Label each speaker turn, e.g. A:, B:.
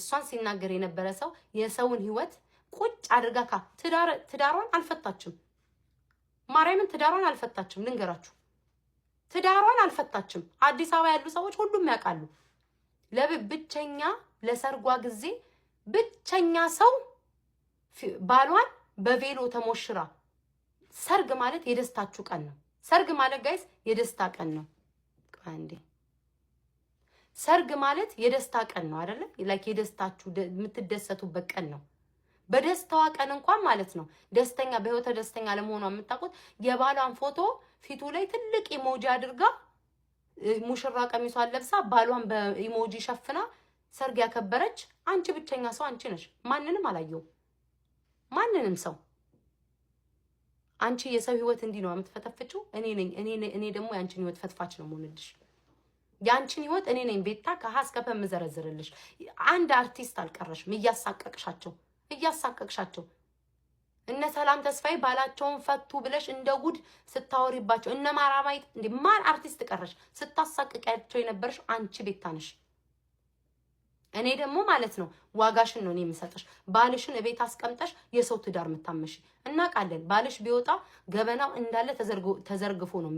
A: እሷን ሲናገር የነበረ ሰው የሰውን ህይወት ቁጭ አድርጋ ካ ትዳሯን አልፈታችም። ማርያምን ትዳሯን አልፈታችም። ልንገራችሁ፣ ትዳሯን አልፈታችም። አዲስ አበባ ያሉ ሰዎች ሁሉም ያውቃሉ። ብቸኛ ለሰርጓ ጊዜ ብቸኛ ሰው ባሏን በቬሎ ተሞሽራ። ሰርግ ማለት የደስታችሁ ቀን ነው። ሰርግ ማለት ጋይስ የደስታ ቀን ነው። ሰርግ ማለት የደስታ ቀን ነው አይደለም? ላይክ የደስታችሁ የምትደሰቱበት ቀን ነው። በደስታዋ ቀን እንኳን ማለት ነው ደስተኛ በህይወተ ደስተኛ ለመሆኗ የምታውቁት የባሏን ፎቶ ፊቱ ላይ ትልቅ ኢሞጂ አድርጋ ሙሽራ ቀሚሷን ለብሳ ባሏን በኢሞጂ ሸፍና ሰርግ ያከበረች አንቺ ብቸኛ ሰው አንቺ ነሽ። ማንንም አላየው ማንንም ሰው አንቺ የሰው ህይወት እንዲህ ነው የምትፈተፍችው። እኔ ነኝ እኔ ደግሞ የአንቺን ህይወት ፈትፋች ነው የምሆንልሽ። ያንቺን ህይወት እኔ ነኝ ቤታ ከሀ እስከ ፐ የምዘረዝርልሽ። አንድ አርቲስት አልቀረሽም። እያሳቀቅሻቸው እያሳቀቅሻቸው እነ ሰላም ተስፋዬ ባላቸውን ፈቱ ብለሽ እንደ ጉድ ስታወሪባቸው እነ ማራማይት እንደ ማን አርቲስት ቀረሽ? ስታሳቅቂያቸው የነበረሽ አንቺ ቤታ ነሽ። እኔ ደግሞ ማለት ነው ዋጋሽን ነው እኔ የምሰጥሽ። ባልሽን እቤት አስቀምጠሽ የሰው ትዳር የምታመሽ እናውቃለን። ባልሽ ቢወጣ ገበናው እንዳለ ተዘርግፎ ነው